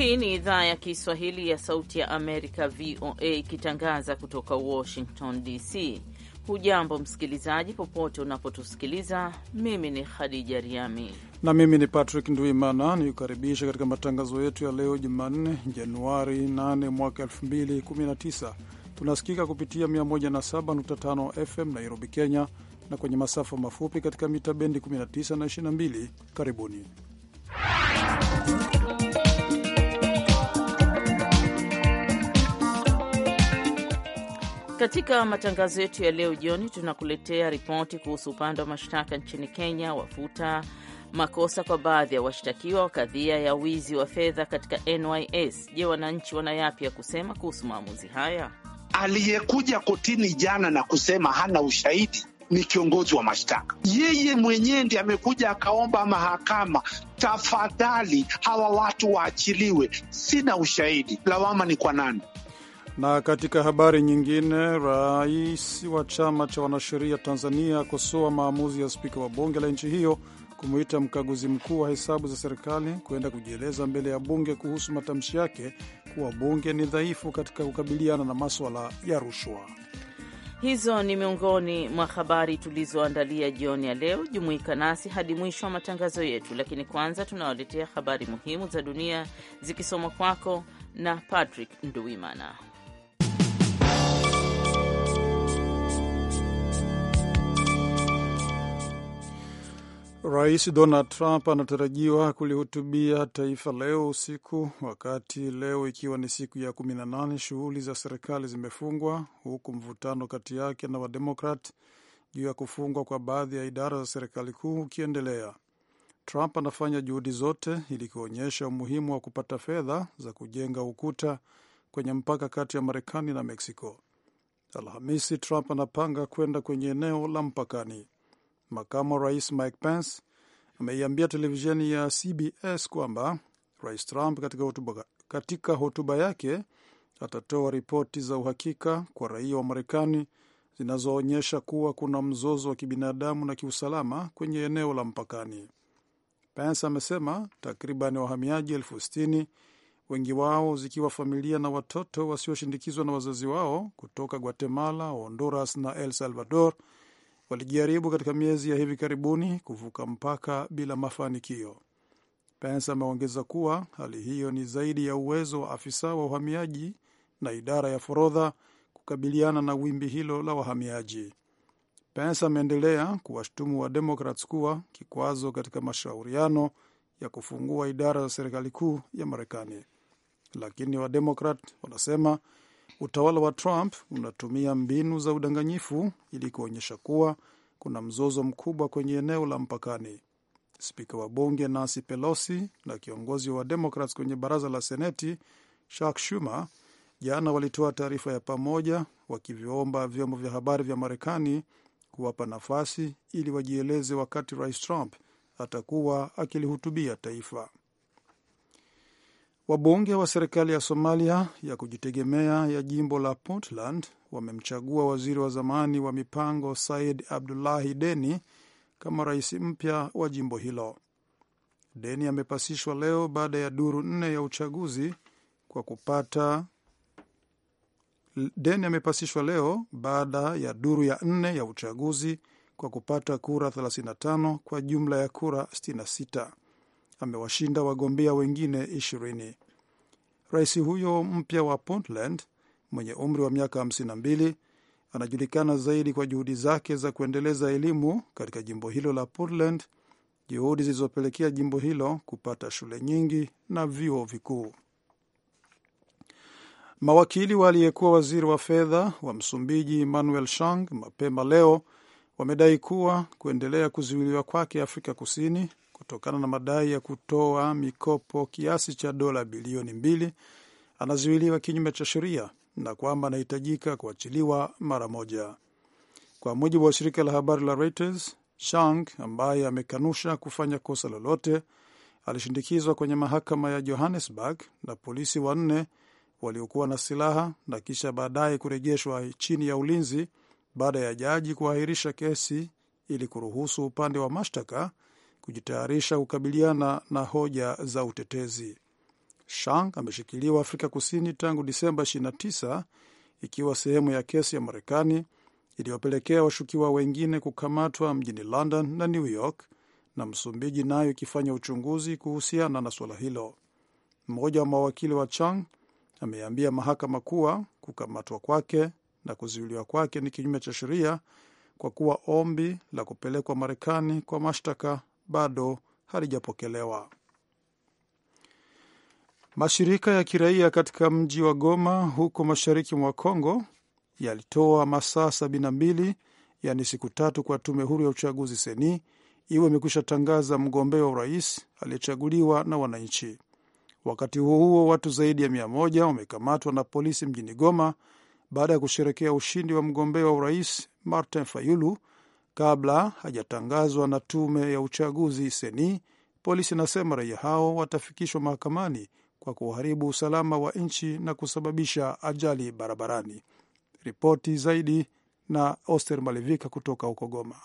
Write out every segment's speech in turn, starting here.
Hii ni idhaa ya Kiswahili ya Sauti ya Amerika, VOA, ikitangaza kutoka Washington DC. Hujambo msikilizaji, popote unapotusikiliza. Mimi ni Khadija Riami na mimi ni Patrick Nduimana, nikukaribisha katika matangazo yetu ya leo Jumanne, Januari 8 mwaka 2019. Tunasikika kupitia 107.5 FM Nairobi, Kenya, na kwenye masafa mafupi katika mita bendi 19 na 22. Karibuni Katika matangazo yetu ya leo jioni, tunakuletea ripoti kuhusu upande wa mashtaka nchini Kenya wafuta makosa kwa baadhi ya washtakiwa wa kadhia ya wizi wa fedha katika NYS. Je, wananchi wana yapi ya kusema kuhusu maamuzi haya? Aliyekuja kotini jana na kusema hana ushahidi ni kiongozi wa mashtaka. Yeye mwenyewe ndiye amekuja akaomba mahakama, tafadhali hawa watu waachiliwe, sina ushahidi. Lawama ni kwa nani? Na katika habari nyingine, rais wa chama cha wanasheria Tanzania akosoa maamuzi ya spika wa bunge la nchi hiyo kumuita mkaguzi mkuu wa hesabu za serikali kwenda kujieleza mbele ya bunge kuhusu matamshi yake kuwa bunge ni dhaifu katika kukabiliana na maswala ya rushwa. Hizo ni miongoni mwa habari tulizoandalia jioni ya leo. Jumuika nasi hadi mwisho wa matangazo yetu, lakini kwanza tunawaletea habari muhimu za dunia zikisomwa kwako na Patrick Nduwimana. Rais Donald Trump anatarajiwa kulihutubia taifa leo usiku, wakati leo ikiwa ni siku ya 18 shughuli za serikali zimefungwa, huku mvutano kati yake na Wademokrat juu ya kufungwa kwa baadhi ya idara za serikali kuu ukiendelea. Trump anafanya juhudi zote ili kuonyesha umuhimu wa kupata fedha za kujenga ukuta kwenye mpaka kati ya Marekani na Meksiko. Alhamisi, Trump anapanga kwenda kwenye eneo la mpakani makamu wa rais Mike Pence ameiambia televisheni ya CBS kwamba rais Trump katika hotuba, katika hotuba yake atatoa ripoti za uhakika kwa raia wa Marekani zinazoonyesha kuwa kuna mzozo wa kibinadamu na kiusalama kwenye eneo la mpakani. Pence amesema takriban wahamiaji elfu sitini wengi wao zikiwa familia na watoto wasioshindikizwa na wazazi wao kutoka Guatemala, Honduras na el Salvador walijaribu katika miezi ya hivi karibuni kuvuka mpaka bila mafanikio. Pence ameongeza kuwa hali hiyo ni zaidi ya uwezo wa afisa wa uhamiaji na idara ya forodha kukabiliana na wimbi hilo la wahamiaji. Pence ameendelea kuwashutumu wa Democrats kuwa kikwazo katika mashauriano ya kufungua idara za serikali kuu ya Marekani, lakini Wademokrat wanasema Utawala wa Trump unatumia mbinu za udanganyifu ili kuonyesha kuwa kuna mzozo mkubwa kwenye eneo la mpakani. Spika wa bunge Nancy Pelosi na kiongozi wa Democrats kwenye baraza la Seneti Chuck Schumer jana walitoa taarifa ya pamoja wakiviomba vyombo vya habari vya Marekani kuwapa nafasi ili wajieleze wakati Rais Trump atakuwa akilihutubia taifa. Wabunge wa serikali ya Somalia ya kujitegemea ya jimbo la Puntland wamemchagua waziri wa zamani wa mipango Said Abdullahi Deni kama rais mpya wa jimbo hilo. Deni amepasishwa leo baada ya duru nne ya uchaguzi kwa kupata Deni amepasishwa leo baada ya duru ya nne ya uchaguzi kwa kupata kura 35 kwa jumla ya kura 66 amewashinda wagombea wengine ishirini. Rais huyo mpya wa Puntland mwenye umri wa miaka 52 anajulikana zaidi kwa juhudi zake za kuendeleza elimu katika jimbo hilo la Portland, juhudi zilizopelekea jimbo hilo kupata shule nyingi na vyuo vikuu. Mawakili wa aliyekuwa waziri wa fedha wa Msumbiji Manuel Chang mapema leo wamedai kuwa kuendelea kuzuiliwa kwake Afrika Kusini kutokana na madai ya kutoa mikopo kiasi cha dola bilioni mbili anazuiliwa kinyume cha sheria na kwamba anahitajika kuachiliwa mara moja, kwa mujibu wa shirika la habari la Reuters. Chang ambaye amekanusha kufanya kosa lolote alishindikizwa kwenye mahakama ya Johannesburg na polisi wanne waliokuwa na silaha na kisha baadaye kurejeshwa chini ya ulinzi baada ya jaji kuahirisha kesi ili kuruhusu upande wa mashtaka kujitayarisha kukabiliana na hoja za utetezi. Shang ameshikiliwa Afrika Kusini tangu Disemba 29 ikiwa sehemu ya kesi ya Marekani iliyopelekea washukiwa wengine kukamatwa mjini London na New York na Msumbiji nayo ikifanya uchunguzi kuhusiana na suala hilo. Mmoja wa mawakili wa Chang ameambia mahakama kuwa kukamatwa kwake na kuzuiliwa kwake ni kinyume cha sheria kwa kuwa ombi la kupelekwa Marekani kwa mashtaka bado halijapokelewa. Mashirika ya kiraia katika mji wa Goma huko mashariki mwa congo yalitoa masaa mbili yaani siku tatu kwa tume huru ya uchaguzi seni iwe imekwisha tangaza mgombea wa urais aliyechaguliwa na wananchi. Wakati huo huo, watu zaidi ya mia moja wamekamatwa na polisi mjini Goma baada ya kusherekea ushindi wa mgombea wa urais Martin Fayulu kabla hajatangazwa na tume ya uchaguzi seni. Polisi inasema raia hao watafikishwa mahakamani kwa kuharibu usalama wa nchi na kusababisha ajali barabarani. Ripoti zaidi na Oster Malivika kutoka huko Goma.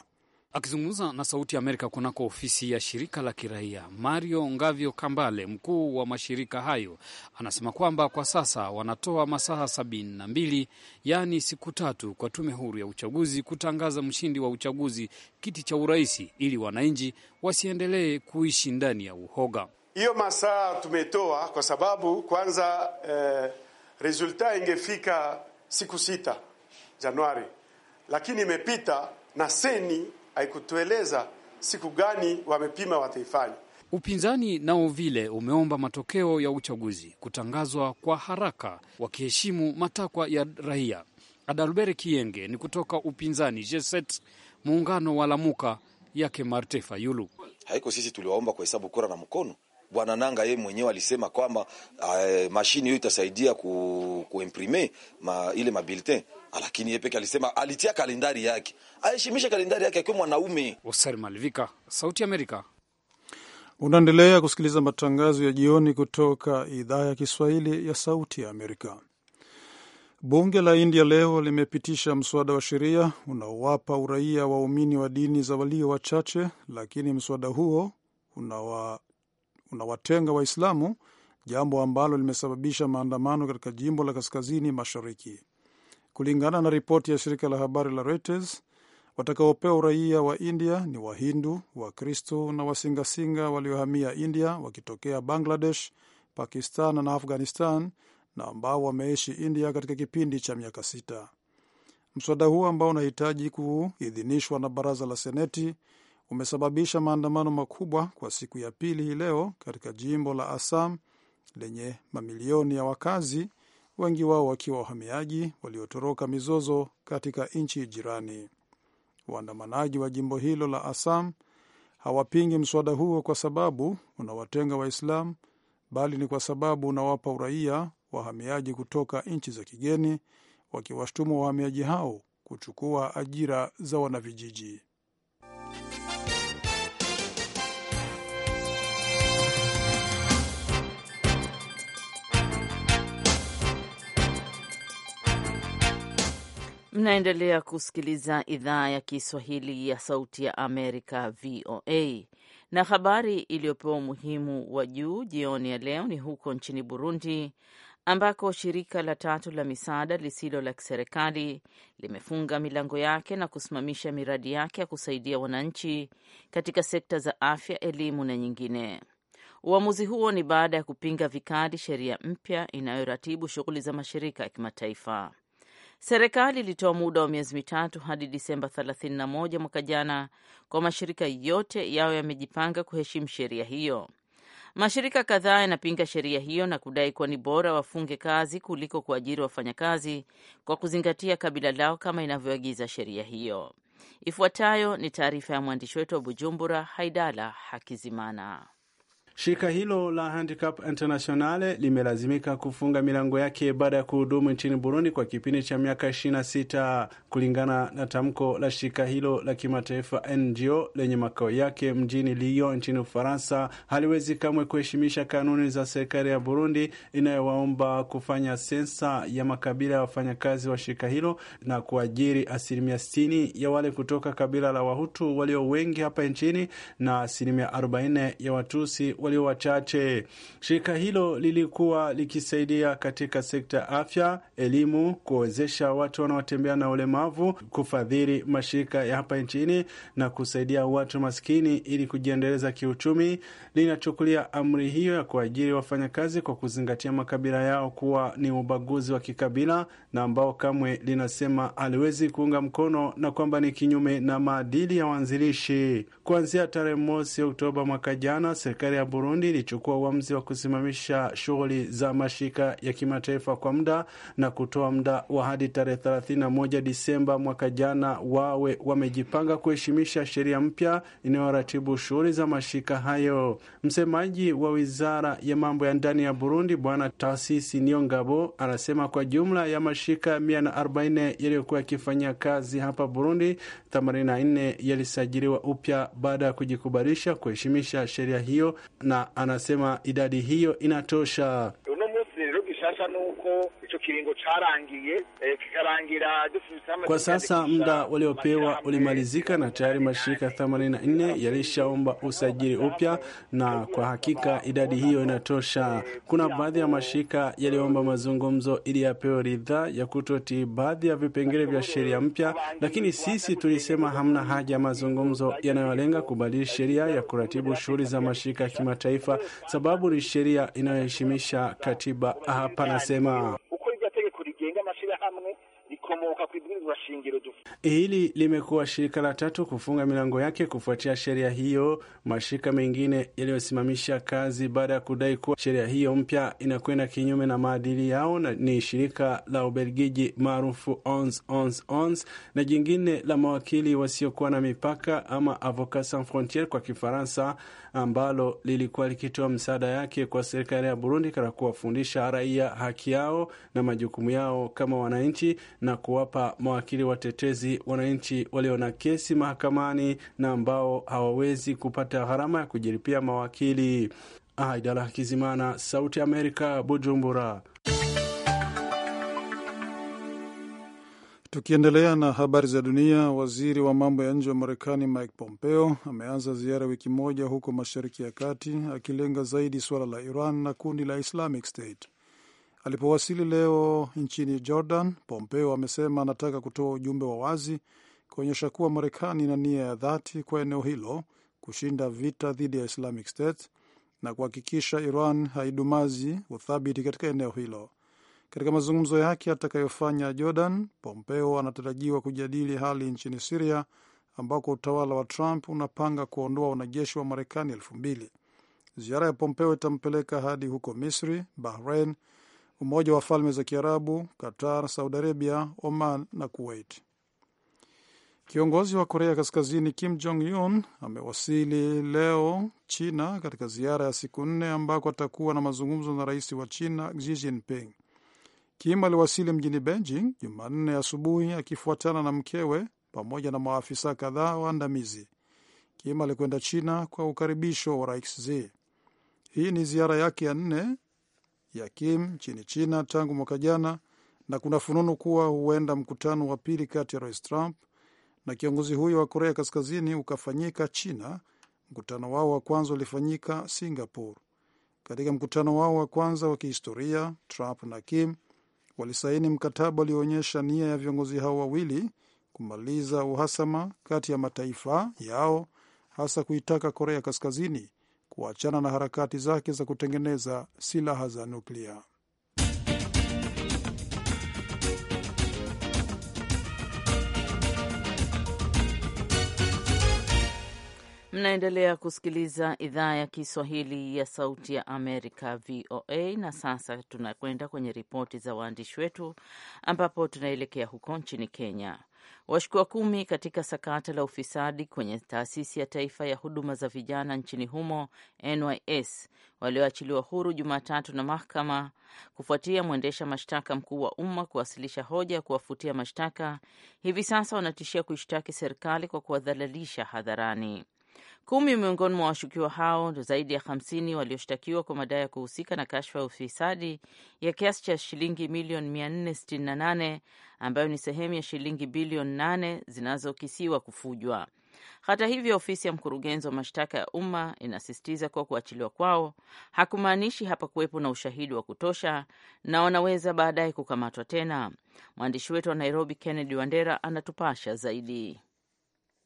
Akizungumza na Sauti ya Amerika kunako ofisi ya shirika la kiraia, Mario Ngavyo Kambale, mkuu wa mashirika hayo, anasema kwamba kwa sasa wanatoa masaha sabini na mbili yaani siku tatu kwa tume huru ya uchaguzi kutangaza mshindi wa uchaguzi kiti cha uraisi, ili wananchi wasiendelee kuishi ndani ya uhoga. Hiyo masaa tumetoa kwa sababu kwanza, eh, resulta ingefika siku sita Januari, lakini imepita na seni haikutueleza siku gani wamepima wataifanya. Upinzani nao vile umeomba matokeo ya uchaguzi kutangazwa kwa haraka wakiheshimu matakwa ya raia. Adalbert Kienge ni kutoka upinzani Jeset, muungano wa Lamuka yake Marte Fayulu. Haiko sisi tuliwaomba kuhesabu kura na mkono. Bwana Nanga yeye mwenyewe alisema kwamba uh, mashini hiyo itasaidia ku, kuimprime ma, ile mabulletin lakini yeye peke alisema alitia kalendari yake, aheshimishe kalendari yake akiwa mwanaume. Oser Malvika, Sauti Amerika. Unaendelea kusikiliza matangazo ya jioni kutoka idhaa ya Kiswahili ya Sauti ya Amerika. Bunge la India leo limepitisha mswada wa sheria unaowapa uraia waumini wa dini za walio wachache, lakini mswada huo unawa, unawatenga Waislamu, jambo ambalo limesababisha maandamano katika jimbo la kaskazini mashariki. Kulingana na ripoti ya shirika la habari la Reuters, watakaopewa uraia wa India ni Wahindu, Wakristo na wasingasinga waliohamia India wakitokea Bangladesh, Pakistan na Afghanistan na ambao wameishi India katika kipindi cha miaka sita. Mswada huo ambao unahitaji kuidhinishwa na baraza la Seneti umesababisha maandamano makubwa kwa siku ya pili hii leo katika jimbo la Assam lenye mamilioni ya wakazi wengi wao wakiwa wahamiaji waliotoroka mizozo katika nchi jirani. Waandamanaji wa jimbo hilo la Assam hawapingi mswada huo kwa sababu unawatenga Waislamu, bali ni kwa sababu unawapa uraia wahamiaji kutoka nchi za kigeni, wakiwashtumu wahamiaji hao kuchukua ajira za wanavijiji. Mnaendelea kusikiliza idhaa ya Kiswahili ya Sauti ya Amerika, VOA. Na habari iliyopewa umuhimu wa juu jioni ya leo ni huko nchini Burundi, ambako shirika la tatu la misaada lisilo la kiserikali limefunga milango yake na kusimamisha miradi yake ya kusaidia wananchi katika sekta za afya, elimu na nyingine. Uamuzi huo ni baada ya kupinga vikali sheria mpya inayoratibu shughuli za mashirika ya kimataifa. Serikali ilitoa muda wa miezi mitatu hadi Disemba 31 mwaka jana kwa mashirika yote yao yamejipanga kuheshimu sheria hiyo. Mashirika kadhaa yanapinga sheria hiyo na kudai kuwa ni bora wafunge kazi kuliko kuajiri wafanyakazi kwa kuzingatia kabila lao kama inavyoagiza sheria hiyo. Ifuatayo ni taarifa ya mwandishi wetu wa Bujumbura, Haidala Hakizimana. Shirika hilo la Handicap Internationale limelazimika kufunga milango yake baada ya kuhudumu nchini Burundi kwa kipindi cha miaka 26 kulingana na tamko la shirika hilo la kimataifa NGO lenye makao yake mjini Lyon nchini Ufaransa. Haliwezi kamwe kuheshimisha kanuni za serikali ya Burundi inayowaomba kufanya sensa ya makabila ya wafanyakazi wa shirika hilo na kuajiri asilimia 60 ya wale kutoka kabila la Wahutu walio wengi hapa nchini na asilimia 40 ya Watusi walio wachache. Shirika hilo lilikuwa likisaidia katika sekta ya afya, elimu, kuwezesha watu wanaotembea na ulemavu, kufadhili mashirika ya hapa nchini na kusaidia watu maskini ili kujiendeleza kiuchumi. Linachukulia amri hiyo ya kuajiri wafanyakazi kwa kuzingatia makabila yao kuwa ni ubaguzi wa kikabila na ambao kamwe linasema haliwezi kuunga mkono na kwamba ni kinyume na maadili ya waanzilishi. Kuanzia tarehe mosi Oktoba mwaka jana, serikali ya Burundi ilichukua uamuzi wa kusimamisha shughuli za mashirika ya kimataifa kwa muda na kutoa muda wa hadi tarehe 31 Disemba mwaka jana wawe wamejipanga kuheshimisha sheria mpya inayoratibu shughuli za mashirika hayo. Msemaji wa wizara ya mambo ya ndani ya Burundi Bwana Taasisi Niongabo anasema kwa jumla ya mashirika 140 yaliyokuwa yakifanya kazi hapa Burundi, 84 yalisajiliwa upya baada ya kujikubalisha kuheshimisha sheria hiyo na anasema idadi hiyo inatosha kiringo, hicho kiringo charangiye eh, kikarangira Kwa sasa muda waliopewa ulimalizika na tayari mashirika 84 yalishaomba usajili upya, na kwa hakika idadi hiyo inatosha. Kuna baadhi ya mashirika yaliomba mazungumzo ili yapewe ridhaa ya kutotii baadhi ya vipengele vya sheria mpya, lakini sisi tulisema hamna haja ya mazungumzo yanayolenga kubadili sheria ya kuratibu shughuli za mashirika ya kimataifa, sababu ni sheria inayoheshimisha katiba. Hapa nasema Uko iryo tegeko rigenga amashyirahamwe rikomoka ku ibwirizwa shingiro Hili limekuwa shirika la tatu kufunga milango yake kufuatia sheria hiyo, mashirika mengine yaliyosimamisha kazi baada ya kudai kuwa sheria hiyo mpya inakwenda kinyume na maadili yao, na ni shirika la Ubelgiji maarufu Ons Ons Ons na jingine la mawakili wasiokuwa na mipaka ama Avocats Sans Frontieres kwa Kifaransa, ambalo lilikuwa likitoa msaada yake kwa serikali ya Burundi katika kuwafundisha raia haki yao na majukumu yao kama wananchi na kuwapa mawakili watetezi kuwatetezi wananchi walio na kesi mahakamani na ambao hawawezi kupata gharama ya kujiripia mawakili. Aidala Kizimana, Sauti Amerika, Bujumbura. Tukiendelea na habari za dunia, waziri wa mambo ya nje wa Marekani Mike Pompeo ameanza ziara wiki moja huko Mashariki ya Kati, akilenga zaidi suala la Iran na kundi la Islamic State. Alipowasili leo nchini Jordan, Pompeo amesema anataka kutoa ujumbe wa wazi kuonyesha kuwa Marekani ina nia ya dhati kwa eneo hilo, kushinda vita dhidi ya Islamic State na kuhakikisha Iran haidumazi uthabiti katika eneo hilo. Katika mazungumzo yake atakayofanya Jordan, Pompeo anatarajiwa kujadili hali nchini Siria ambako utawala wa Trump unapanga kuondoa wanajeshi wa Marekani elfu mbili. Ziara ya Pompeo itampeleka hadi huko Misri, Bahrain, Umoja wa Falme za Kiarabu, Qatar, Saudi Arabia, Oman na Kuwait. Kiongozi wa Korea Kaskazini Kim Jong Un amewasili leo China katika ziara ya siku nne ambako atakuwa na mazungumzo na rais wa China Xi Jinping. Kim aliwasili mjini Beijing Jumanne asubuhi akifuatana na mkewe pamoja na maafisa kadhaa waandamizi. Kim alikwenda China kwa ukaribisho wa rais Xi. Hii ni ziara yake ya nne ya Kim nchini China tangu mwaka jana, na kuna fununu kuwa huenda mkutano wa pili kati ya Rais Trump na kiongozi huyo wa Korea Kaskazini ukafanyika China. Mkutano wao wa kwanza ulifanyika Singapore. Katika mkutano wao wa kwanza wa kihistoria, Trump na Kim walisaini mkataba ulioonyesha nia ya viongozi hao wawili kumaliza uhasama kati ya mataifa yao, hasa kuitaka Korea Kaskazini kuachana na harakati zake za kutengeneza silaha za nuklia. Mnaendelea kusikiliza idhaa ya Kiswahili ya Sauti ya Amerika, VOA. Na sasa tunakwenda kwenye ripoti za waandishi wetu, ambapo tunaelekea huko nchini Kenya. Washukiwa kumi katika sakata la ufisadi kwenye taasisi ya taifa ya huduma za vijana nchini humo NYS walioachiliwa huru Jumatatu na mahakama kufuatia mwendesha mashtaka mkuu wa umma kuwasilisha hoja ya kuwafutia mashtaka, hivi sasa wanatishia kuishtaki serikali kwa kuwadhalilisha hadharani. Kumi miongoni mwa washukiwa hao ndo zaidi ya hamsini walioshtakiwa kwa madai ya kuhusika na kashfa ya ufisadi ya kiasi cha shilingi milioni 468 ambayo ni sehemu ya shilingi bilioni 8 zinazokisiwa kufujwa. Hata hivyo, ofisi ya mkurugenzi wa mashtaka ya umma inasisitiza kuwa kuachiliwa kwao hakumaanishi hapa kuwepo na ushahidi wa kutosha na wanaweza baadaye kukamatwa tena. Mwandishi wetu wa Nairobi, Kennedy Wandera, anatupasha zaidi.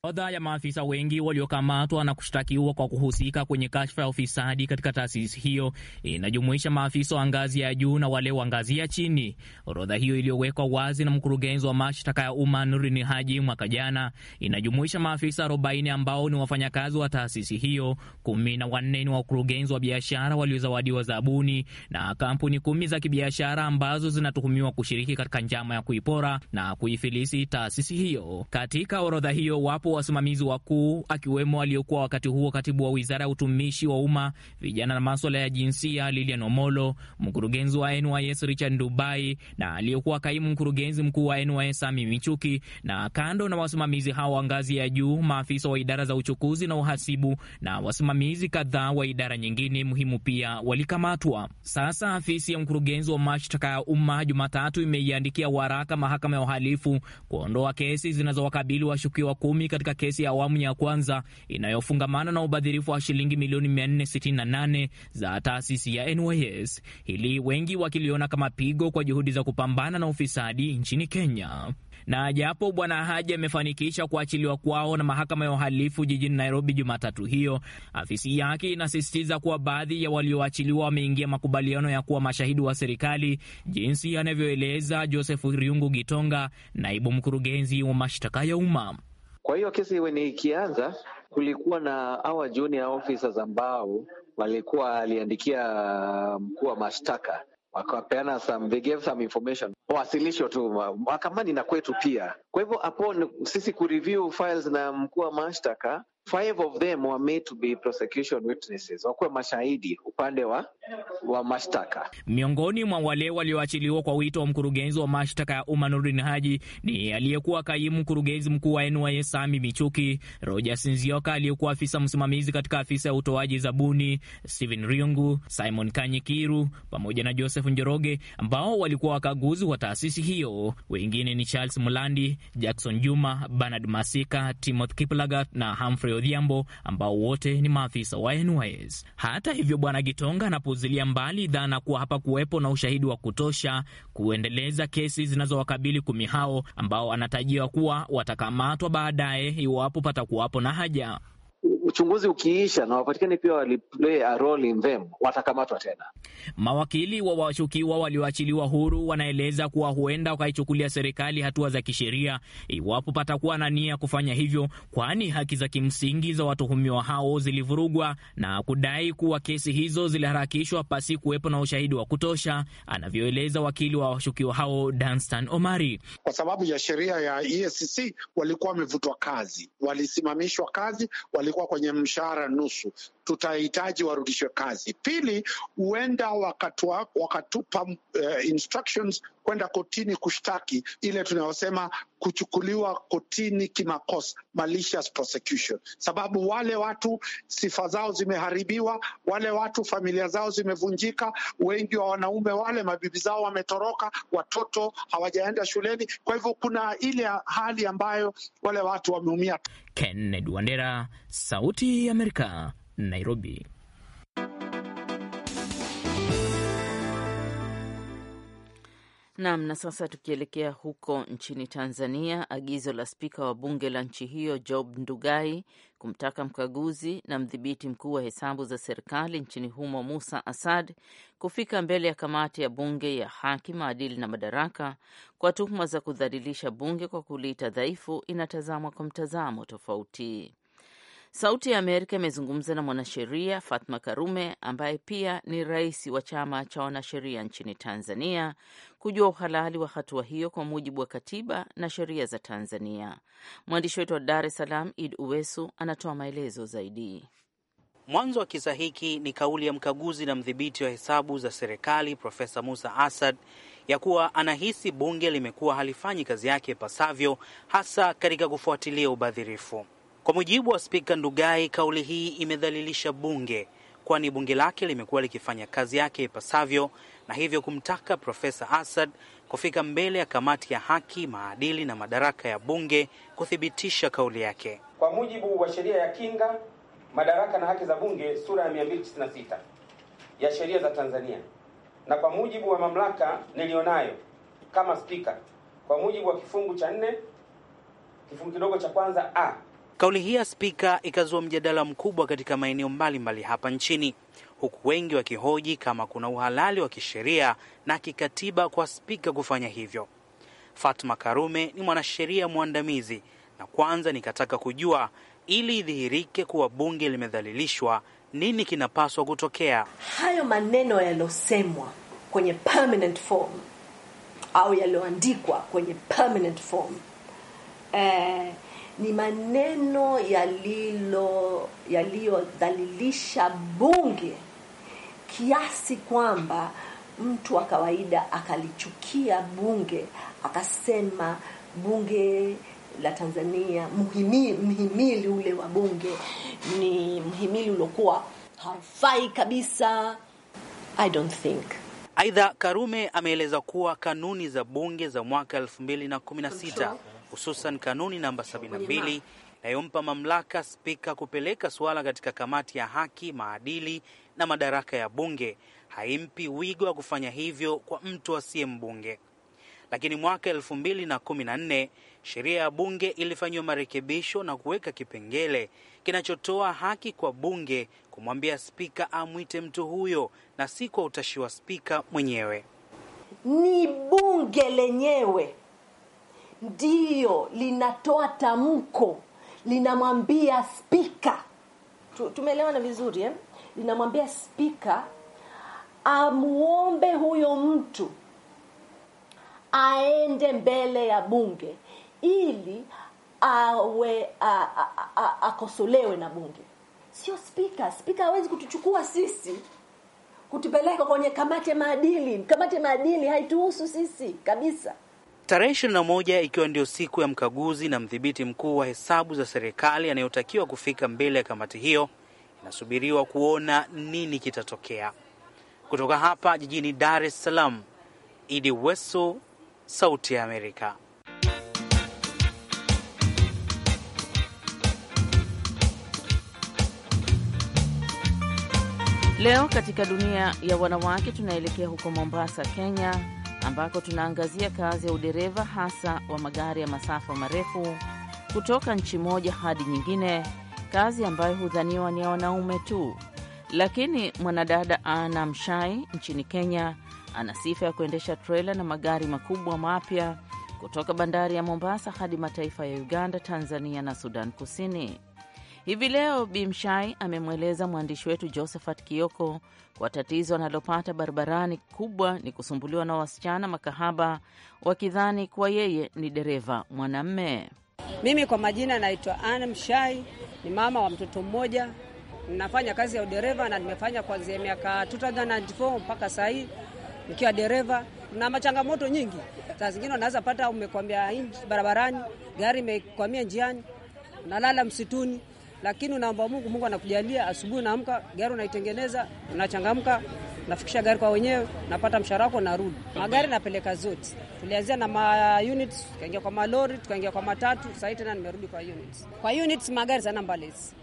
Orodha ya maafisa wengi waliokamatwa na kushtakiwa kwa kuhusika kwenye kashfa ya ufisadi katika taasisi hiyo inajumuisha maafisa wa ngazi ya juu na wale wa ngazi ya chini. Orodha hiyo iliyowekwa wazi na mkurugenzi wa mashtaka ya umma Nurini Haji mwaka jana inajumuisha maafisa 40 ambao ni wafanyakazi wa taasisi hiyo, kumi na wanne ni wakurugenzi wa biashara waliozawadiwa zabuni na kampuni kumi za kibiashara ambazo zinatuhumiwa kushiriki katika njama ya kuipora na kuifilisi taasisi hiyo. Katika orodha hiyo wapo ambapo wasimamizi wakuu akiwemo aliyekuwa wakati huo katibu wa wizara ya utumishi wa umma, vijana na maswala ya jinsia Lilian Omolo, mkurugenzi wa NYS Richard Dubai na aliyekuwa kaimu mkurugenzi mkuu wa NYS Sami Michuki. Na kando na wasimamizi hao wa ngazi ya juu, maafisa wa idara za uchukuzi na uhasibu na wasimamizi kadhaa wa idara nyingine muhimu pia walikamatwa. Sasa afisi ya mkurugenzi wa mashtaka ya umma Jumatatu imeiandikia waraka mahakama ya uhalifu kuondoa kesi zinazowakabili washukiwa kumi katika kesi ya awamu ya kwanza inayofungamana na ubadhirifu wa shilingi milioni 468 za taasisi ya NYS, hili wengi wakiliona kama pigo kwa juhudi za kupambana na ufisadi nchini Kenya na japo Bwana Haji amefanikisha kuachiliwa kwao na mahakama ya uhalifu jijini Nairobi Jumatatu hiyo, afisi yake inasisitiza kuwa baadhi ya walioachiliwa wameingia makubaliano ya kuwa mashahidi wa serikali, jinsi anavyoeleza Joseph Riungu Gitonga, naibu mkurugenzi wa mashtaka ya umma. Kwa hiyo kesi iwe ikianza, kulikuwa na awa junior officers ambao walikuwa aliandikia uh, mkuu wa mashtaka wakapeana some, they gave some information wasilisho tu mahakamani na kwetu pia. Kwa hivyo upon sisi kureview files na mkuu wa mashtaka five of them were made to be prosecution witnesses, wakuwa mashahidi upande wa, wa mashtaka. Miongoni mwa wale walioachiliwa kwa wito wa mkurugenzi wa mashtaka ya umma Nurdin Haji ni aliyekuwa kaimu mkurugenzi mkuu wa NYS Sami Michuki, Roger Sinzioka aliyekuwa afisa msimamizi katika afisa ya utoaji zabuni, Steven Riungu, Simon Kanyikiru pamoja na Joseph Njoroge ambao walikuwa wakaguzi wa taasisi hiyo. Wengine ni Charles Mulandi, Jackson Juma, Bernard Masika, Timothy Kiplagat na Humphrey Odhiambo ambao wote ni maafisa wa NYS. Hata hivyo, Bwana Gitonga anapuuzilia mbali dhana kuwa hapa kuwepo na ushahidi wa kutosha kuendeleza kesi zinazowakabili kumi hao ambao anatajiwa kuwa watakamatwa baadaye iwapo patakuwapo na haja uchunguzi ukiisha na wapatikane pia waliplay a role in them, watakamatwa tena. Mawakili wa washukiwa walioachiliwa huru wanaeleza kuwa huenda wakaichukulia serikali hatua za kisheria iwapo patakuwa na nia kufanya hivyo, kwani haki za kimsingi za watuhumiwa hao zilivurugwa, na kudai kuwa kesi hizo ziliharakishwa pasi kuwepo na ushahidi wa kutosha, anavyoeleza wakili wa washukiwa hao Danstan Omari. Kwa sababu ya sheria ya EACC walikuwa wamevutwa kazi, walisimamishwa kazi, walikuwa kwenye mshahara nusu. Tutahitaji warudishwe kazi. Pili, huenda huenda wakatupa uh, instructions kwenda kotini kushtaki, ile tunayosema kuchukuliwa kotini kimakosa, malicious prosecution, sababu wale watu sifa zao zimeharibiwa, wale watu familia zao zimevunjika, wengi wa wanaume wale mabibi zao wametoroka, watoto hawajaenda shuleni. Kwa hivyo kuna ile hali ambayo wale watu wameumia. Kennedy Wandera, Sauti ya Amerika, Nairobi. Nam. Na sasa tukielekea huko nchini Tanzania, agizo la spika wa bunge la nchi hiyo Job Ndugai kumtaka mkaguzi na mdhibiti mkuu wa hesabu za serikali nchini humo Musa Asad kufika mbele ya kamati ya bunge ya haki, maadili na madaraka kwa tuhuma za kudhalilisha bunge kwa kuliita dhaifu inatazamwa kwa mtazamo tofauti. Sauti ya Amerika imezungumza na mwanasheria Fatma Karume ambaye pia ni rais wa chama cha wanasheria nchini Tanzania kujua uhalali wa hatua hiyo kwa mujibu wa katiba na sheria za Tanzania. Mwandishi wetu wa Dar es Salaam Id Uwesu anatoa maelezo zaidi. Mwanzo wa kisa hiki ni kauli ya mkaguzi na mdhibiti wa hesabu za serikali Profesa Musa Asad ya kuwa anahisi bunge limekuwa halifanyi kazi yake ipasavyo, hasa katika kufuatilia ubadhirifu. Kwa mujibu wa Spika Ndugai, kauli hii imedhalilisha bunge, kwani bunge lake limekuwa likifanya kazi yake ipasavyo na hivyo kumtaka Profesa Asad kufika mbele ya kamati ya haki, maadili na madaraka ya bunge kuthibitisha kauli yake. Kwa mujibu wa sheria ya kinga, madaraka na haki za bunge sura ya 296 ya sheria za Tanzania na kwa mujibu wa mamlaka nilionayo kama spika, kwa mujibu wa kifungu cha nne kifungu kidogo cha kwanza a Kauli hii ya spika ikazua mjadala mkubwa katika maeneo mbalimbali hapa nchini, huku wengi wakihoji kama kuna uhalali wa kisheria na kikatiba kwa spika kufanya hivyo. Fatma Karume ni mwanasheria mwandamizi, na kwanza nikataka kujua ili idhihirike kuwa bunge limedhalilishwa, nini kinapaswa kutokea? Hayo maneno yaliyosemwa kwenye permanent form au yaliyoandikwa kwenye permanent form eh, ni maneno yaliyodhalilisha bunge kiasi kwamba mtu wa kawaida akalichukia bunge akasema bunge la Tanzania mhimili, mhimili ule wa bunge ni mhimili uliokuwa haufai kabisa. I don't think. Aidha, Karume ameeleza kuwa kanuni za bunge za mwaka 2016 hususan kanuni namba 72 inayompa mamlaka spika kupeleka suala katika kamati ya haki, maadili na madaraka ya bunge haimpi wigo wa kufanya hivyo kwa mtu asiye mbunge. Lakini mwaka 2014 sheria ya bunge ilifanyiwa marekebisho na kuweka kipengele kinachotoa haki kwa bunge kumwambia spika amwite mtu huyo na si kwa utashi wa spika mwenyewe. Ni bunge lenyewe ndiyo linatoa tamko linamwambia spika tumeelewana vizuri eh? linamwambia spika amuombe huyo mtu aende mbele ya bunge ili awe akosolewe na bunge sio spika spika hawezi kutuchukua sisi kutupeleka kwenye kamati ya maadili kamati ya maadili haituhusu sisi kabisa Tarehe ishirini na moja ikiwa ndio siku ya mkaguzi na mdhibiti mkuu wa hesabu za serikali anayotakiwa kufika mbele ya kamati hiyo, inasubiriwa kuona nini kitatokea. Kutoka hapa jijini Dar es Salaam, Idi Weso, Sauti ya Amerika. Leo katika dunia ya wanawake tunaelekea huko Mombasa, Kenya ambako tunaangazia kazi ya udereva hasa wa magari ya masafa marefu kutoka nchi moja hadi nyingine, kazi ambayo hudhaniwa ni ya wanaume tu. Lakini mwanadada Ana Mshai nchini Kenya ana sifa ya kuendesha trela na magari makubwa mapya kutoka bandari ya Mombasa hadi mataifa ya Uganda, Tanzania na Sudan Kusini. Hivi leo Bimshai amemweleza mwandishi wetu Josephat Kioko kwa tatizo analopata barabarani kubwa ni kusumbuliwa na wasichana makahaba wakidhani kuwa yeye ni dereva mwanamme. Mimi kwa majina naitwa Ana Mshai, ni mama wa mtoto mmoja, Nafanya kazi ya udereva na nimefanya kuanzia miaka 2004 mpaka saa hii nikiwa dereva na machangamoto nyingi. Saa zingine unaweza pata umekwamia barabarani, gari imekwamia njiani, unalala msituni lakini unaomba Mungu, Mungu anakujalia. Asubuhi unaamka, gari unaitengeneza, unachangamka, nafikisha gari kwa wenyewe, napata mshahara wako, narudi. Magari napeleka zote, tulianzia na ma units, tukaingia kwa malori, tukaingia kwa matatu, sasa tena nimerudi kwa units. Kwa units magari sana mbalesi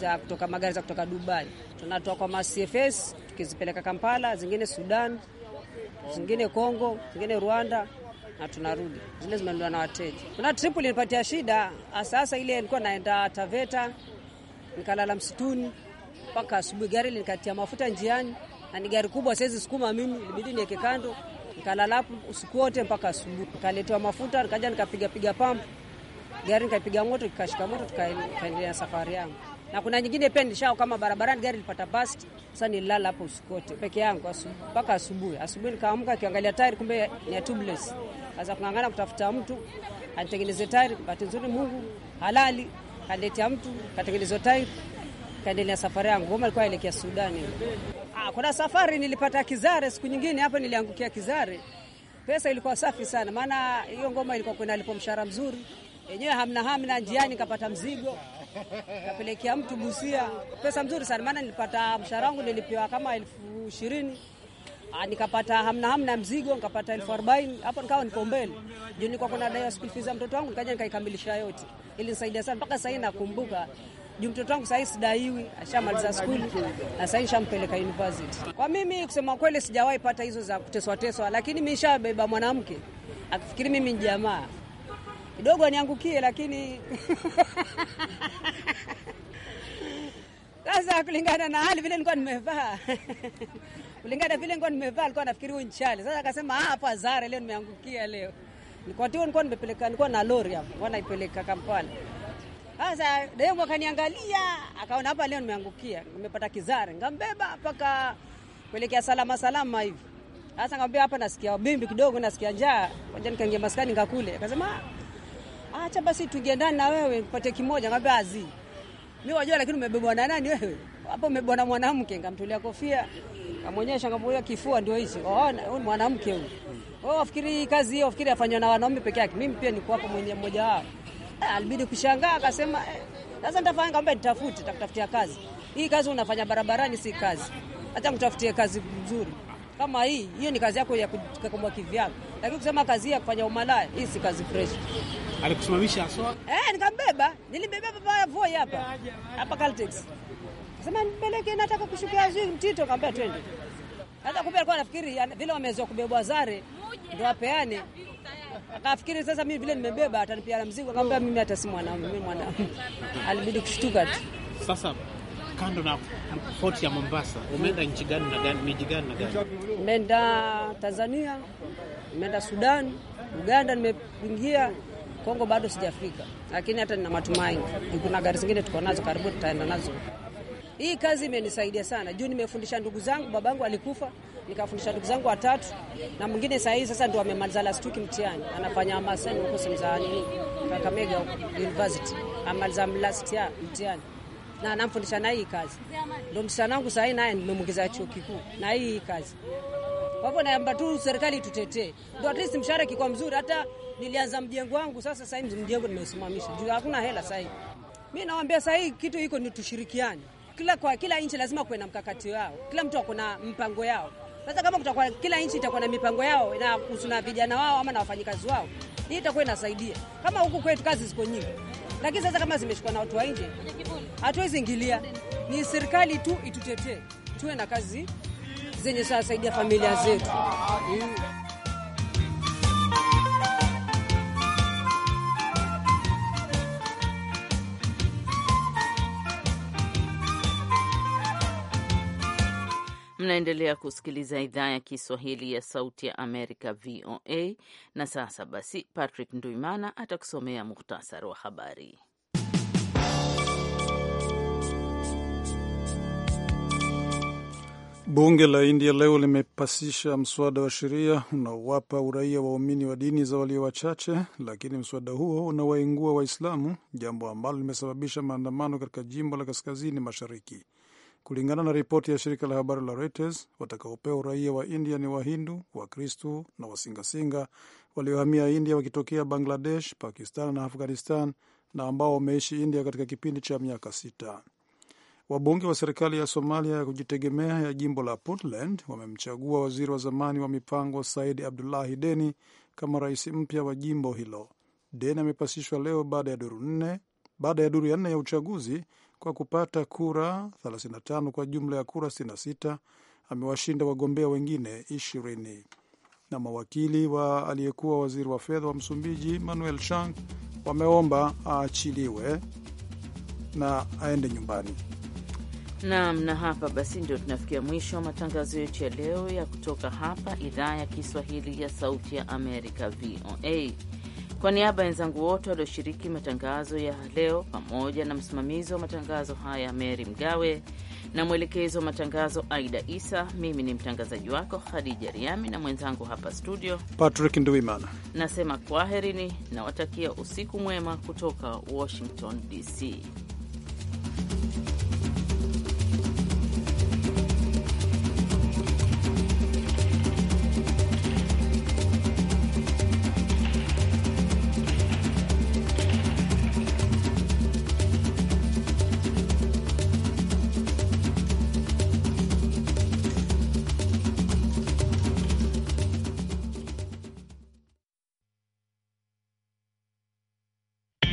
za kutoka magari za kutoka Dubai tunatoa kwa macfs tukizipeleka Kampala, zingine Sudan, zingine Kongo, zingine Rwanda na tunarudi zile zimenuliwa na wateja. Kuna trip ilinipatia shida hasahasa ile ilikuwa naenda Taveta, nikalala msituni mpaka asubuhi. Gari linikatia mafuta njiani na ni gari kubwa, siwezi sukuma mimi, ilibidi niweke kando. Nikalala hapo usiku wote mpaka asubuhi, nikaletewa mafuta, nikaja nikapigapiga pampu gari nikaipiga moto, ikashika moto, tukaendelea safari yangu. Na kuna nyingine pia nilishao kama barabarani, gari lipata basi. Sasa nililala hapo usiku wote peke yangu mpaka asubuhi. Asubuhi nikaamka, kiangalia tayari, kumbe ni tubeless kaza kung'ang'ana kutafuta mtu atengeneze tairi. Bahati nzuri Mungu halali kaletea mtu katengenezwa tairi, kaendelea safari yangu. Goma ilikuwa elekea Sudani. Ah, kuna safari nilipata kizare, siku nyingine hapa niliangukia kizare. Pesa ilikuwa safi sana, maana hiyo ngoma ilikuwa kwenda alipo mshahara mzuri yenyewe hamna hamna, njiani kapata mzigo kapelekea mtu Busia, pesa mzuri sana maana nilipata mshahara wangu nilipewa kama elfu ishirini Ah, nikapata hamna hamna mzigo nikapata elfu arobaini hapo, nikawa niko mbele juu nilikuwa kuna dai ya school fees ya mtoto wangu, nikaja nikaikamilisha yote, ili nisaidia sana mpaka sasa nakumbuka juu mtoto wangu sahii sidaiwi, ashamaliza skuli na sahii shampeleka university. Kwa mimi kusema kweli, sijawahi pata hizo za kuteswateswa, lakini mi shabeba mwanamke akifikiri mimi ni jamaa kidogo aniangukie, lakini Sasa kulingana na hali vile nilikuwa nimevaa kulingana vile nilikuwa nimevaa, alikuwa nafikiri huyu nchale. Sasa akasema ah, hapa Zara leo nimeangukia leo. Wakati huo nilikuwa nimepeleka, nilikuwa na lori hapo, wanaipeleka Kampala. Sasa demu akaniangalia akaona hapa leo nimeangukia, nimepata kizare, ngambeba mpaka kuelekea salama salama hivi. Sasa ngambia hapa nasikia bimbi kidogo, nasikia njaa, ngoja nikaingia maskani ngakule. Akasema ah, acha basi tuingie ndani na wewe mpate kimoja, ngambia azii ah, mimi wajua, lakini umebebwa na nani wewe? Hapo umebebwa na mwanamke, ngamtulia kofia, kamwonyesha, ngamwambia kifua ndio hichi. Oh, mwanamke huyu. Oh, afikiri kazi hiyo, afikiri afanywa na wanaume peke yake. Mimi pia niko hapo mwenye mmoja wao. Eh, alibidi kushangaa akasema, eh, sasa nitafanya ngamba nitafute, nitakutafutia kazi. Hii kazi unafanya barabarani si kazi. Hata mtafutie kazi nzuri kama hii hiyo ni kazi yako ya kukomboa kivyako, lakini kusema kazi ya kufanya umalaya hii si kazi fresh. Alikusimamisha aswa eh, nikambeba nilimbeba baba ya Voi hapa hapa Caltex, sema nipeleke, nataka kushukia zui mtito, kambea twende. Hata kumbe alikuwa anafikiri vile wamezoea kubebwa zare ndio apeane, akafikiri sasa mimi vile nimebeba atanipiana mzigo, akambea mimi hata si mwanaume, mimi mwanaume. Alibidi kushtuka tu sasa kando na poti ya Mombasa, umeenda nchi gani na gani, miji gani na gani? Nimeenda Tanzania, nimeenda Sudan, Uganda, nimeingia Kongo, bado sijafika, lakini hata nina matumaini. Kuna gari zingine tuko nazo, karibu tutaenda nazo. Hii kazi imenisaidia sana juu nimefundisha ndugu zangu, babangu alikufa, nikafundisha ndugu zangu watatu na mwingine saa hii sasa ndo amemaliza last week mtihani, anafanya maseni huko simzaani Kakamega University, amaliza last year mtihani na anamfundisha na hii kazi. ndo msichana wangu sahii naye nimemwongezea chuo kikuu na hii kazi. Kwa hivyo naomba tu serikali tutetee, ndo at least mshahara kikuwa mzuri. Hata nilianza mjengo wangu, sasa sahii mjengo nimeusimamisha juu hakuna hela sahii. Mi nawambia sahii kitu hiko ni tushirikiane, kila kwa kila nchi lazima kuwe na mkakati wao, kila mtu ako na mpango yao. Sasa kama kutakuwa kila nchi itakuwa na mipango yao na kuhusu na vijana wao ama na wafanyikazi wao, hii itakuwa inasaidia. Kama huku kwetu kazi ziko nyingi, lakini sasa kama zimeshikwa na watu wa nje hatuwezi ingilia, ni serikali tu itutetee, tuwe na kazi zenye zitasaidia familia zetu. Mnaendelea kusikiliza idhaa ya Kiswahili ya Sauti ya Amerika, VOA. Na sasa basi, Patrick Nduimana atakusomea muhtasari wa habari. Bunge la India leo limepasisha mswada wa sheria unaowapa uraia waumini wa dini za walio wachache, lakini mswada huo unawaingua Waislamu, jambo ambalo limesababisha maandamano katika jimbo la kaskazini mashariki. Kulingana na ripoti ya shirika la habari la Reuters, watakaopewa uraia wa India ni Wahindu, Wakristu na wasingasinga waliohamia India wakitokea Bangladesh, Pakistan na Afghanistan na ambao wameishi India katika kipindi cha miaka sita. Wabunge wa serikali ya Somalia ya kujitegemea ya jimbo la Puntland wamemchagua waziri wa zamani wa mipango Said Abdullahi Deni kama rais mpya wa jimbo hilo. Deni amepasishwa leo baada ya duru nne baada ya duru ya nne ya uchaguzi kwa kupata kura 35 kwa jumla ya kura 66. Amewashinda wagombea wengine 20. Na mawakili wa aliyekuwa waziri wa fedha wa Msumbiji Manuel Chang wameomba aachiliwe na aende nyumbani. Naam, na hapa basi ndio tunafikia mwisho wa matangazo yetu ya leo ya kutoka hapa idhaa ya Kiswahili ya Sauti ya Amerika, VOA. Kwa niaba ya wenzangu wote walioshiriki matangazo ya leo pamoja na msimamizi wa matangazo haya Mary Mgawe na mwelekezi wa matangazo Aida Isa, mimi ni mtangazaji wako Khadija Riami na mwenzangu hapa studio Patrick Nduimana, nasema kwaherini, nawatakia usiku mwema kutoka Washington DC.